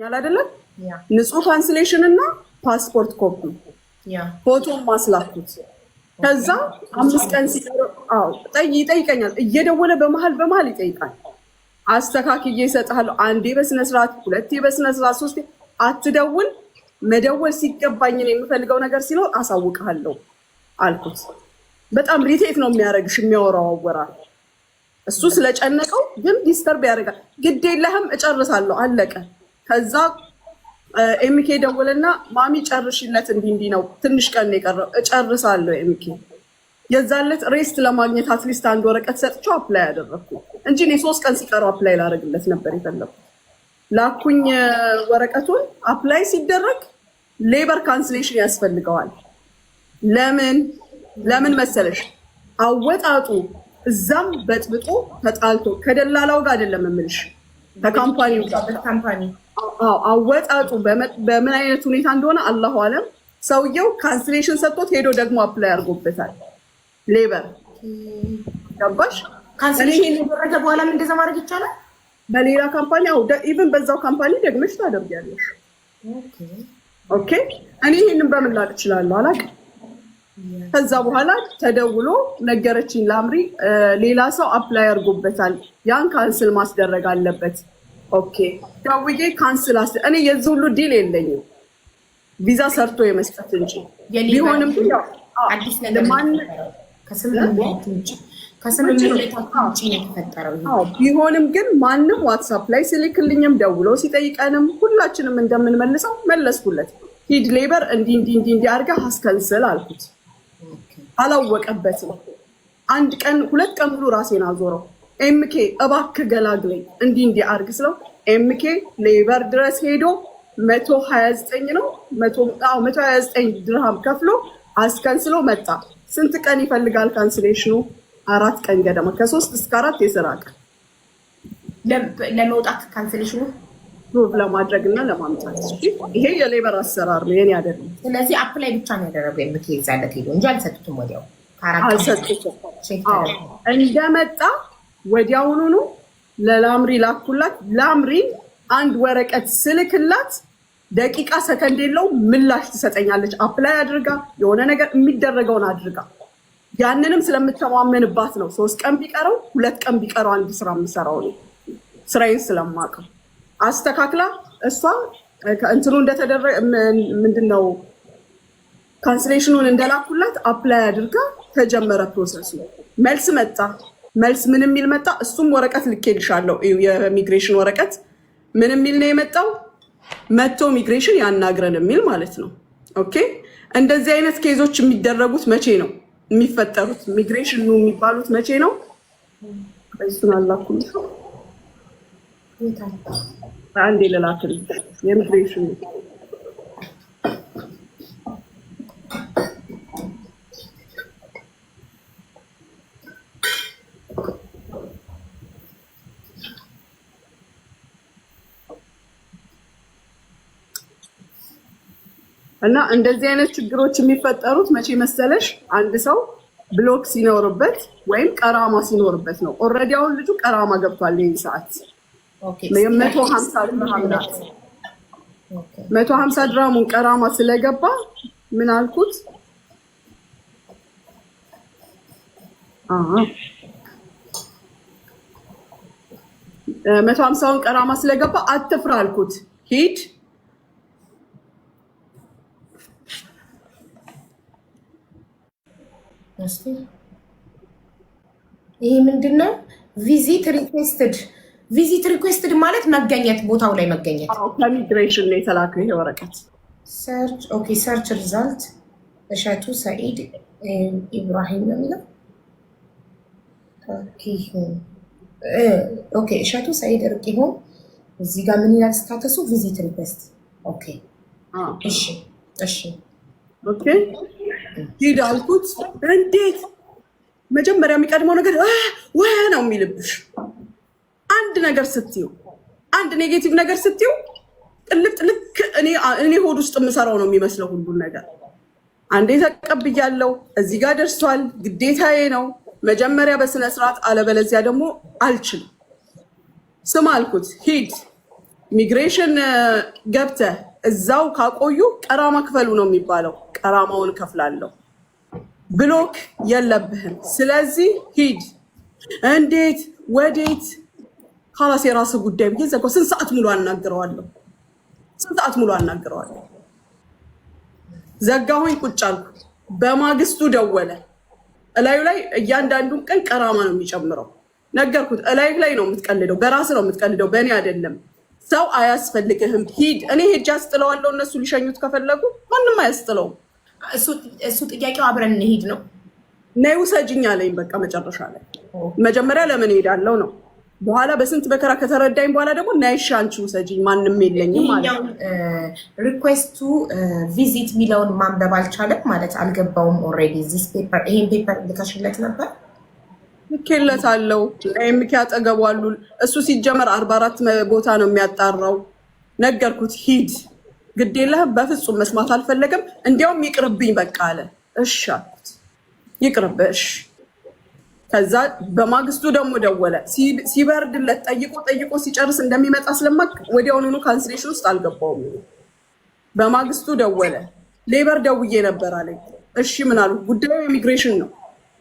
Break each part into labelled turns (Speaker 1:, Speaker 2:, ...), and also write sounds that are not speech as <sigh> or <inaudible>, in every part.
Speaker 1: ኛል አይደለም ንጹህ ካንስሌሽን እና
Speaker 2: ፓስፖርት ኮፒ
Speaker 1: ፎቶ ማስላኩት። ከዛ አምስት ቀን ይጠይቀኛል፣ እየደወለ በመሀል በመሀል ይጠይቃል። አስተካክዬ እሰጥሃለሁ። አንዴ በስነስርዓት ሁለቴ በስነስርዓት ሶስቴ አትደውል። መደወል ሲገባኝን የምፈልገው ነገር ሲኖር አሳውቅሃለሁ አልኩት። በጣም ሪቴት ነው የሚያደርግሽ የሚያወራው አወራል። እሱ ስለጨነቀው ግን ዲስተርብ ያደርጋል። ግዴለህም እጨርሳለሁ አለቀ። ከዛ ኤምኬ ደወለና ማሚ ጨርሽለት እንዲህ እንዲህ ነው ትንሽ ቀን የቀረው እጨርሳለሁ ኤምኬ የዛለት ሬስት ለማግኘት አትሊስት አንድ ወረቀት ሰጥቼው አፕላይ አደረግኩ እንጂ እኔ ሶስት ቀን ሲቀረው አፕላይ ላደረግለት ነበር የፈለኩት ላኩኝ ወረቀቱን አፕላይ ሲደረግ ሌበር ካንስሌሽን ያስፈልገዋል ለምን ለምን መሰለሽ አወጣጡ እዛም በጥብጦ ተጣልቶ ከደላላው ጋር አይደለም የምልሽ ከካምፓኒ ከካምፓኒ አወጣጡ በምን አይነት ሁኔታ እንደሆነ አላሁ አለም። ሰውየው ካንስሌሽን ሰጥቶት ሄዶ ደግሞ አፕላይ አድርጎበታል። ሌበር ገባሽ? ካንስሌሽን ደረገ በኋላም እንደዛ ማድረግ ይቻላል። በሌላ ካምፓኒ ኢቨን በዛው ካምፓኒ ደግመሽ ታደርጊያለሽ። ኦኬ እኔ ይህንን በምን ላቅ እችላለሁ አላውቅም። ከዛ በኋላ ተደውሎ ነገረችኝ ላምሪ ሌላ ሰው አፕላይ አድርጎበታል፣ ያን ካንስል ማስደረግ አለበት። ኦኬ ደውዬ ካንስል አስ እኔ የዚ ሁሉ ዲል የለኝም ቪዛ ሰርቶ የመስጠት እንጂ ቢሆንም ቢሆንም ግን ማንም ዋትሳፕ ላይ ስልክልኝም ደውሎ ሲጠይቀንም ሁላችንም እንደምንመልሰው መለስኩለት። ሂድ ሌበር እንዲ እንዲ እንዲ እንዲህ አድርገህ አስከንስል አልኩት። አላወቀበትም። አንድ ቀን ሁለት ቀን ሙሉ ራሴን አዞረው። ኤምኬ እባክህ ገላግለኝ፣ እንዲህ እንዲህ አድርግ ስለው ኤምኬ ሌበር ድረስ ሄዶ መቶ ሀያ ነው መቶ ድርሃም ከፍሎ አስከንስሎ መጣ። ስንት ቀን ይፈልጋል ካንስሌሽኑ? አራት ቀን ገደማ ከሶስት እስከ አራት የስራ ቀን ለመውጣት ካንስሌሽኑ ፕሩቭ ለማድረግ እና ለማምጣት ይሄ የሌበር አሰራር ነው፣ የኔ አይደለም። ስለዚህ አፕ ላይ ብቻ ነው ያደረገው የምትይዛለት ሄዶ እንጂ አልሰጡትም። ወዲያው እንደመጣ ወዲያውኑኑ ለላምሪ ላኩላት። ላምሪ አንድ ወረቀት ስልክላት ደቂቃ ሰከንድ የለው ምላሽ ትሰጠኛለች። አፕላይ አድርጋ የሆነ ነገር የሚደረገውን አድርጋ ያንንም ስለምተማመንባት ነው። ሶስት ቀን ቢቀረው ሁለት ቀን ቢቀረው አንድ ስራ የምሰራው ነው ስራዬን ስለማውቀው አስተካክላ እሷ እንትኑ እንደተደረገ ምንድን ነው ካንስሌሽኑን እንደላኩላት አፕላይ አድርጋ ተጀመረ ፕሮሰሱ። መልስ መጣ። መልስ ምን የሚል መጣ? እሱም ወረቀት ልኬልሻለሁ፣ የሚግሬሽን ወረቀት ምን የሚል ነው የመጣው? መቶ ሚግሬሽን ያናግረን የሚል ማለት ነው። ኦኬ እንደዚህ አይነት ኬዞች የሚደረጉት መቼ ነው የሚፈጠሩት? ሚግሬሽን የሚባሉት መቼ ነው? እሱን አንድ የለላክል የምድሬሽን እና እንደዚህ አይነት ችግሮች የሚፈጠሩት መቼ መሰለሽ? አንድ ሰው ብሎክ ሲኖርበት ወይም ቀራማ ሲኖርበት ነው። ኦልሬዲ አሁን ልጁ ቀራማ ገብቷል ይህን ሰዓት መቶ ሀምሳ ድርሃም መቶ ሀምሳ ድራሙን ቀራማ ስለገባ ምን አልኩት? መቶ ሀምሳውን ቀራማ ስለገባ አትፍራ አልኩት። ሂድ
Speaker 2: ይሄ ምንድን ነው? ቪዚት ሪኩዌስትድ ቪዚት ሪኩዌስትድ ማለት መገኘት፣ ቦታው ላይ መገኘት።
Speaker 1: ከሚግሬሽን ላይ የተላከው ይሄ ወረቀት።
Speaker 2: ኦኬ ሰርች ሪዛልት እሸቱ ሰኢድ ኢብራሂም ነው የሚለው። ኦኬ እሸቱ ሰኢድ ርቂሆን እዚህ ጋር ምን ይላል ስታተሱ? ቪዚት ሪኩዌስት። ኦኬ እሺ፣ እሺ፣
Speaker 1: ኦኬ ሂድ አልኩት። እንዴት መጀመሪያ የሚቀድመው ነገር ወይ ነው የሚልብሽ አንድ ነገር ስትዩ፣ አንድ ኔጌቲቭ ነገር ስትዩ ጥልቅ ልክ እኔ ሆድ ውስጥ የምሰራው ነው የሚመስለው ሁሉን ነገር። አንዴ ተቀብያለው፣ እዚህ ጋር ደርሷል፣ ግዴታዬ ነው መጀመሪያ በስነ ስርዓት፣ አለበለዚያ ደግሞ አልችልም። ስም አልኩት ሂድ ኢሚግሬሽን ገብተ እዛው ካቆዩ ቀራማ ክፈሉ ነው የሚባለው። ቀራማውን ከፍላለሁ። ብሎክ የለብህም። ስለዚህ ሂድ። እንዴት ወዴት ካላስ የራስ ጉዳይ ብዬ ዘጋው። ስንት ሰዓት ሙሉ አናግረዋለሁ፣ ስንት ሰዓት ሙሉ አናግረዋለሁ። ዘጋሁኝ፣ ቁጭ አልኩ። በማግስቱ ደወለ። እላዩ ላይ እያንዳንዱን ቀን ቀራማ ነው የሚጨምረው። ነገርኩት፣ እላዩ ላይ ነው የምትቀልደው፣ በራስ ነው የምትቀልደው፣ በእኔ አይደለም። ሰው አያስፈልግህም፣ ሂድ። እኔ ሄጄ አስጥለዋለሁ። እነሱ ሊሸኙት ከፈለጉ ማንም አያስጥለውም።
Speaker 2: እሱ ጥያቄው አብረን እንሄድ ነው።
Speaker 1: ነይ ውሰጅኝ አለኝ። በቃ መጨረሻ ላይ መጀመሪያ ለምን ሄዳለው ነው በኋላ በስንት መከራ ከተረዳኝ በኋላ ደግሞ ናይሻ አንቺ ውሰጂኝ ማንም የለኝም ማለት
Speaker 2: ሪኩዌስቱ ቪዚት የሚለውን ማንበብ አልቻለም ማለት አልገባውም። ኦልሬዲ ዚስ ፔፐር ይሄን ፔፐር ልከሽለት ነበር ልኬለት አለው
Speaker 1: ኤምኬ አጠገቡ አሉ። እሱ ሲጀመር አርባ አራት ቦታ ነው የሚያጣራው። ነገርኩት ሂድ ግዴለህ። በፍጹም መስማት አልፈለገም። እንዲያውም ይቅርብኝ በቃ አለ። እሺ አልኩት ይቅርብሽ ከዛ በማግስቱ ደግሞ ደወለ። ሲበርድለት ጠይቆ ጠይቆ ሲጨርስ እንደሚመጣ ስለማቅ ወዲያውኑኑ ካንስሌሽን ውስጥ አልገባውም። በማግስቱ ደወለ። ሌበር ደውዬ ነበር አለኝ። እሺ ምናሉ ጉዳዩ ኢሚግሬሽን ነው።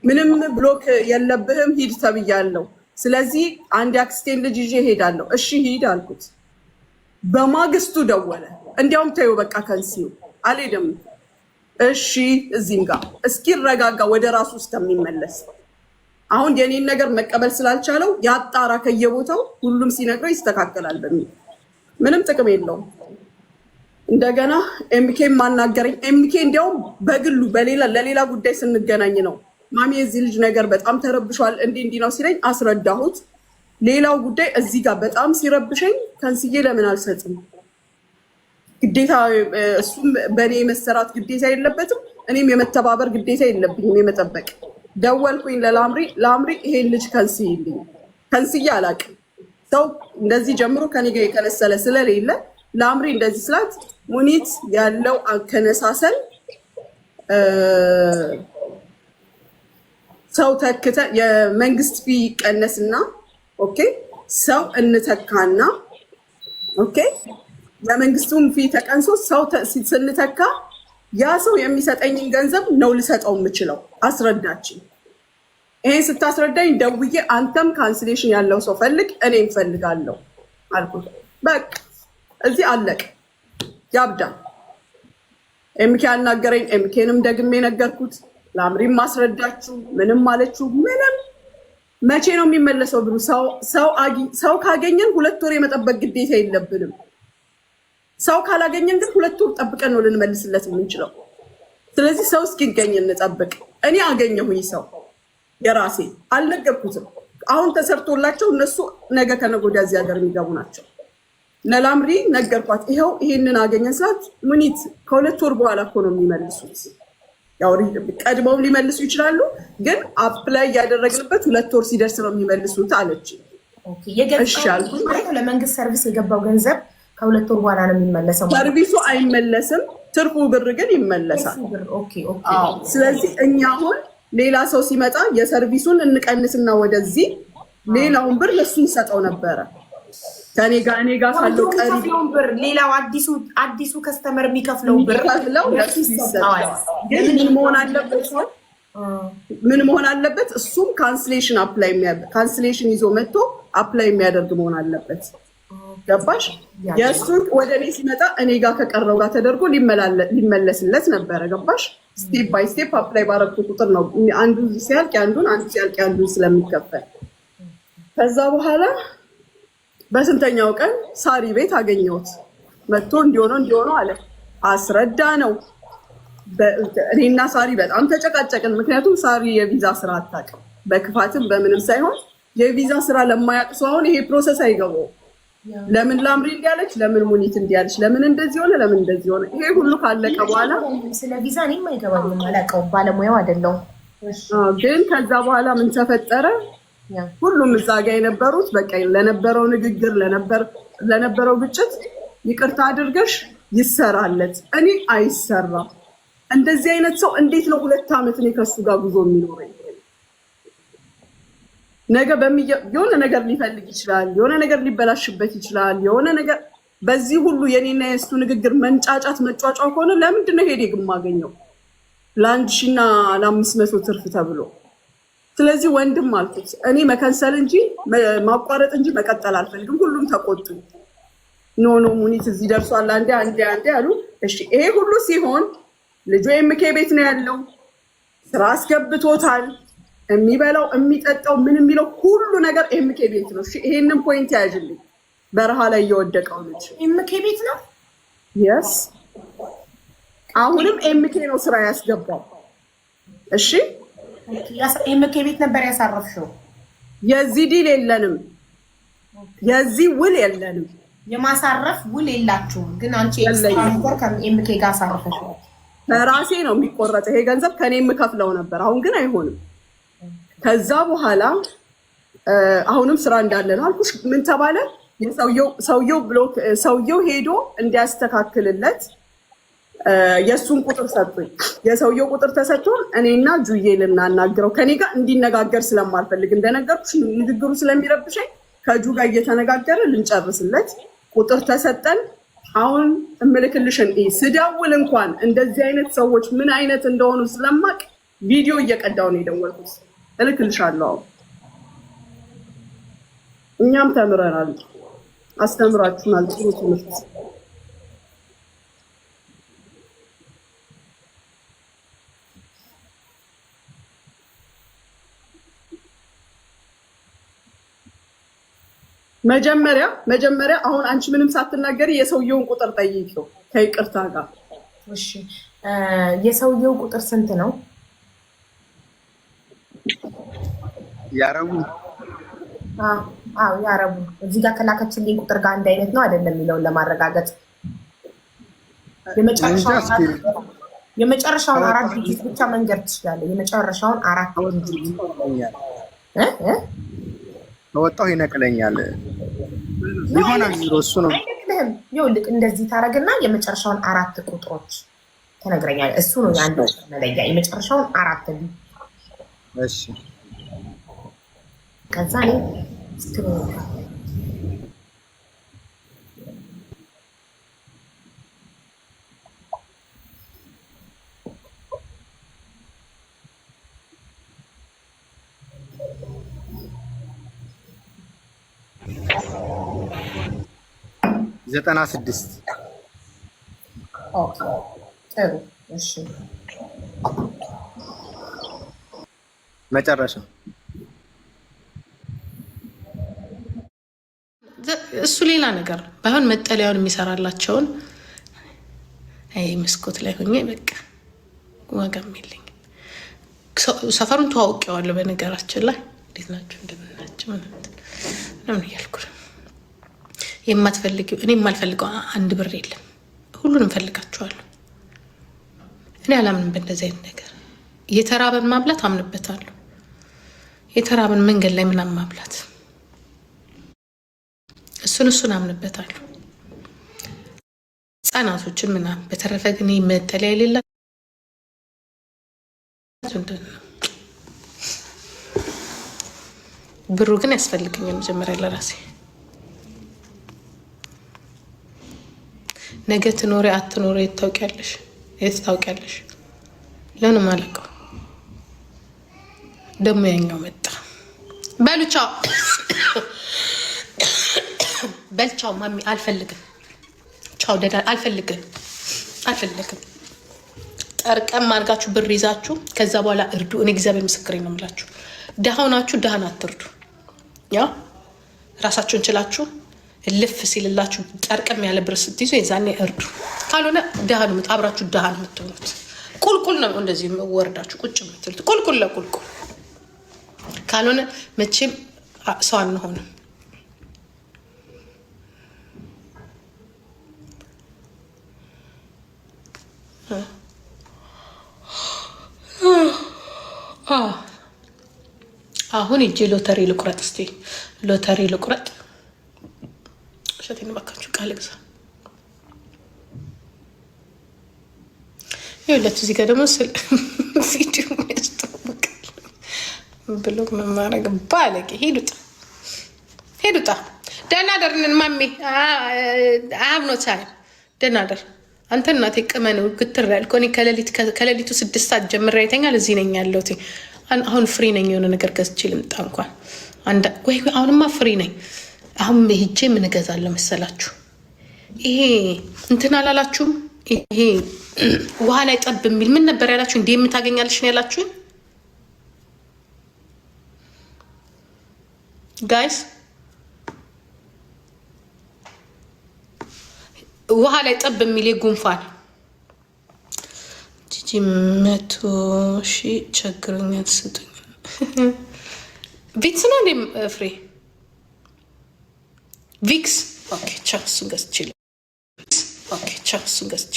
Speaker 1: ምንም ብሎክ የለብህም ሂድ ተብያለሁ። ስለዚህ አንድ አክስቴን ልጅ ይዤ ሄዳለሁ። እሺ ሂድ አልኩት። በማግስቱ ደወለ። እንዲያውም ተይው በቃ ከንሲው አልሄድም። እሺ እዚህም ጋር እስኪረጋጋ ወደ ራሱ እስከሚመለስ አሁን የኔን ነገር መቀበል ስላልቻለው ያጣራ ከየቦታው ሁሉም ሲነግረው ይስተካከላል በሚል ምንም ጥቅም የለውም። እንደገና ኤምኬ ማናገረኝ። ኤምኬ እንዲያውም በግሉ በሌላ ለሌላ ጉዳይ ስንገናኝ ነው ማሚ የዚህ ልጅ ነገር በጣም ተረብሿል፣ እንዲህ እንዲህ ነው ሲለኝ አስረዳሁት። ሌላው ጉዳይ እዚህ ጋር በጣም ሲረብሸኝ ከንስዬ ለምን አልሰጥም? ግዴታ እሱም በእኔ የመሰራት ግዴታ የለበትም፣ እኔም የመተባበር ግዴታ የለብኝም የመጠበቅ ደወልኩኝ ለላምሪ ላምሪ ይሄን ልጅ ከንስይልኝ ከንስዬ አላውቅም። ሰው እንደዚህ ጀምሮ ከኔ ጋር የከነሰለ ስለሌለ ላምሪ እንደዚህ ስላት ሙኒት ያለው አከነሳሰል ሰው ተክተ የመንግስት ፊ ቀነስና ኦኬ ሰው እንተካና ኦኬ የመንግስቱን ፊ ተቀንሶ ሰው ስንተካ ያ ሰው የሚሰጠኝን ገንዘብ ነው ልሰጠው የምችለው። አስረዳችኝ። ይሄን ስታስረዳኝ ደውዬ አንተም ካንስሌሽን ያለው ሰው ፈልግ፣ እኔ እንፈልጋለሁ አልኩት። በቃ እዚህ አለቅ። ያብዳ ኤምኬ አናገረኝ። ኤምኬንም ደግሜ ነገርኩት። ለአምሪም ማስረዳችሁ ምንም አለችሁ ምንም። መቼ ነው የሚመለሰው ብሉ። ሰው ካገኘን ሁለት ወር የመጠበቅ ግዴታ የለብንም። ሰው ካላገኘን ግን ሁለት ወር ጠብቀን ነው ልንመልስለት የምንችለው። ስለዚህ ሰው እስኪገኝ እንጠብቅ። እኔ አገኘሁኝ ሰው የራሴ አልነገርኩትም። አሁን ተሰርቶላቸው እነሱ ነገ ከነገ ወዲያ እዚህ ሀገር የሚገቡ ናቸው። ነላምሪ ነገርኳት። ይኸው ይህንን አገኘን ስላት ሙኒት ከሁለት ወር በኋላ እኮ ነው የሚመልሱት። ያው ቀድመውም ሊመልሱ ይችላሉ፣ ግን አፕላይ እያደረግንበት ሁለት ወር ሲደርስ ነው የሚመልሱት አለች።
Speaker 2: ለመንግስት ሰርቪስ የገባው ገንዘብ ከሁለት ወር በኋላ ነው የሚመለሰው።
Speaker 1: ሰርቪሱ አይመለስም፣ ትርፉ ብር ግን ይመለሳል። ስለዚህ እኛ አሁን ሌላ ሰው ሲመጣ የሰርቪሱን እንቀንስና ወደዚህ ሌላውን ብር ለሱ ይሰጠው ነበረ። ከኔ ጋር እኔ ጋር ካለው
Speaker 2: ቀሪ ብር ሌላው አዲሱ አዲሱ ከስተመር የሚከፍለው ብር ከፍለው
Speaker 1: ለሱ ይሰጠዋል። ግን ምን መሆን አለበት ምን መሆን አለበት? እሱም ካንስሌሽን አፕላይ ካንስሌሽን ይዞ መጥቶ አፕላይ የሚያደርግ መሆን አለበት። ገባሽ? የእሱ ወደ እኔ ሲመጣ እኔ ጋር ከቀረው ጋር ተደርጎ ሊመለስለት ነበረ። ገባሽ? ስቴፕ ባይ ስቴፕ አፕላይ ባረግኩ ቁጥር ነው አንዱ ሲያልቅ ያንዱን አንዱ ሲያልቅ ያንዱን ስለሚከፈል። ከዛ በኋላ በስንተኛው ቀን ሳሪ ቤት አገኘሁት። መጥቶ እንዲሆነው እንዲሆነው አለ አስረዳ ነው። እኔና ሳሪ በጣም ተጨቃጨቅን። ምክንያቱም ሳሪ የቪዛ ስራ አታውቅም። በክፋትም በምንም ሳይሆን የቪዛ ስራ ለማያውቅ ሰው አሁን ይሄ ፕሮሰስ አይገባውም። ለምን ላምሪ እንዲያለች፣ ለምን ሙኒት እንዲያለች፣ ለምን እንደዚህ ሆነ፣ ለምን እንደዚህ ሆነ። ይሄ ሁሉ ካለቀ በኋላ
Speaker 2: ስለ ቪዛ እኔም አይገባኝም፣ አላውቀውም፣ ባለሙያው አይደለሁም።
Speaker 1: ግን ከዛ በኋላ ምን ተፈጠረ? ሁሉም እዛ ጋ የነበሩት በቃ ለነበረው ንግግር ለነበረው ግጭት ይቅርታ አድርገሽ ይሰራለት። እኔ አይሰራም። እንደዚህ አይነት ሰው እንዴት ነው ሁለት ዓመት እኔ ከሱ ጋር ጉዞ የሚኖረኝ? ነገ የሆነ ነገር ሊፈልግ ይችላል። የሆነ ነገር ሊበላሽበት ይችላል። የሆነ ነገር በዚህ ሁሉ የኔና የእሱ ንግግር መንጫጫት መጫጫ ከሆነ ለምንድን ነው ሄዴግ የማገኘው ለአንድ ሺና ለአምስት መቶ ትርፍ ተብሎ? ስለዚህ ወንድም አልኩት እኔ መከንሰል እንጂ ማቋረጥ እንጂ መቀጠል አልፈልግም። ሁሉም ተቆጡ። ኖ ኖ ሙኒት እዚህ ደርሷል፣ አንዴ አንዴ አንዴ አሉ። እሺ ይሄ ሁሉ ሲሆን ልጁ የምኬ ቤት ነው ያለው፣ ስራ አስገብቶታል። የሚበላው የሚጠጣው ምን የሚለው ሁሉ ነገር ኤምኬ ቤት ነው። ይሄንን ፖይንት ያዥልኝ። በረሃ ላይ እየወደቀው
Speaker 2: ነች። ኤምኬ ቤት ነው
Speaker 1: የስ አሁንም ኤምኬ ነው ስራ ያስገባው። እሺ
Speaker 2: ኤምኬ ቤት ነበር ያሳረፍሽው።
Speaker 1: የዚህ ዲል የለንም፣ የዚህ ውል የለንም።
Speaker 2: የማሳረፍ ውል የላችሁም። ግን አንቺ ከኤምኬ ጋር አሳረፈሽ።
Speaker 1: በራሴ ነው የሚቆረጠው ይሄ ገንዘብ ከኔ የምከፍለው ነበር። አሁን ግን አይሆንም። ከዛ በኋላ አሁንም ስራ እንዳለ ነው አልኩሽ። ምን ተባለ? ሰውየው ብሎክ ሰውየው ሄዶ እንዲያስተካክልለት የእሱን ቁጥር ሰጡኝ። የሰውየው ቁጥር ተሰጥቶን እኔና ጁዬ ልናናግረው ከኔ ጋር እንዲነጋገር ስለማልፈልግ እንደነገርኩሽ ንግግሩ ስለሚረብሸኝ ከጁ ጋር እየተነጋገረ ልንጨርስለት ቁጥር ተሰጠን። አሁን እምልክልሽን ስደውል እንኳን እንደዚህ አይነት ሰዎች ምን አይነት እንደሆኑ ስለማቅ ቪዲዮ እየቀዳው ነው የደወልኩት። እልክልሻለሁ። እኛም ተምረናል፣ አስተምራችሁናል ጥሩ ትምህርት። መጀመሪያ መጀመሪያ አሁን አንቺ ምንም ሳትናገሪ የሰውየውን ቁጥር ጠይቂው ከይቅርታ ጋር።
Speaker 2: እሺ የሰውየው ቁጥር ስንት ነው? ያረቡ አዎ ያረቡ እዚህ ጋር ከላከችልኝ ቁጥር ጋር አንድ አይነት ነው አይደለም የሚለውን ለማረጋገጥ የመጨረሻውን አራት ድርጅት ብቻ መንገድ ትችላለ።
Speaker 3: የመጨረሻውን አራት ከወጣሁ ይነቅለኛል። ይሆናል ቢሮ እሱ ነው አይነቅልህም።
Speaker 2: ይኸውልህ እንደዚህ ታደርግና የመጨረሻውን አራት ቁጥሮች ተነግረኛል። እሱ ነው የአንድ መለያ የመጨረሻውን አራት እሺ ከዛ እኔ
Speaker 3: ዘጠና ስድስት
Speaker 2: ጥሩ እሺ መጨረሻ እሱ ሌላ ነገር ባይሆን መጠለያውን የሚሰራላቸውን መስኮት ላይ ሆኜ በቃ ዋጋም የለኝም። ሰፈሩን ተዋውቂዋለሁ። በነገራችን ላይ እንዴት ናቸው እንደምናቸው ምናምን እያልኩ የማትፈልጊው እኔ የማልፈልገው አንድ ብር የለም። ሁሉንም ፈልጋችኋለሁ። እኔ አላምንም በእንደዚህ አይነት ነገር። የተራበን ማብላት አምንበታለሁ። የተራብን መንገድ ላይ ምናምን ማብላት እሱን እሱን አምንበታለሁ። ህጻናቶችን ምናምን በተረፈ ግን መጠለያ የሌላ ብሩ ግን ያስፈልገኛል። መጀመሪያ ለራሴ ነገ ትኖሪ አትኖሪ የታውቂያለሽ የት ለምን ማለቀው ደግሞ ያኛው መጣ። በልቻ በልቻው ማሚ አልፈልግም። ቻው ደዳ አልፈልግም፣ አልፈልግም። ጠርቀም አድርጋችሁ ብር ይዛችሁ ከዛ በኋላ እርዱ። እኔ እግዚአብሔር ምስክሬ ነው የምላችሁ፣ ድሃ ሆናችሁ ድሃን አትርዱ። ያ ራሳችሁን ችላችሁ ልፍ ሲልላችሁ ጠርቀም ያለ ብር ስትይዙ የዛኔ እርዱ። ካልሆነ ድሃ ነው አብራችሁ ድሃ ነው የምትሆኑት። ቁልቁል ነው እንደዚህ ወርዳችሁ ቁጭ የምትሉት ቁልቁል ለቁልቁል ካልሆነ መቼም ሰው አንሆንም። አሁን እጄ ሎተሪ ልቁረጥ። እስቲ ሎተሪ ልቁረጥ። እሸቴን እባካችሁ ቃል ግዛ። ይኸውላችሁ እዚህ ጋር ደግሞ ስል <laughs> ብሎግ መማረግ ባለቂ ሄዱጣ ሄዱጣ። ደናደርን ማሚ አብ ኖ ቻይ ደናደር አንተ እናቴ ቅመን ግትር ያልከው እኔ ከሌሊቱ ስድስት ሰዓት ጀምሬ አይተኛል። እዚህ ነኝ ያለሁት። አሁን ፍሪ ነኝ። የሆነ ነገር ገዝቼ ልምጣ እንኳን ወይ አሁንማ ፍሪ ነኝ። አሁን ሄጄ ምን እገዛለሁ መሰላችሁ? ይሄ እንትን አላላችሁም? ይሄ ውሃ ላይ ጠብ የሚል ምን ነበር ያላችሁ? እንዲህ የምታገኛለሽ ነው ያላችሁኝ ጋይስ ውሃ ላይ ጠብ የሚል ጉንፋን ጂጂ መቶ ሺ ቸግሮኛል ስጡኝ። ቪክስ ነው እንዴ ፍሬ? ቪክስ ኦኬ። እሱን ገዝቼ ኦኬ። እሱን ገዝቼ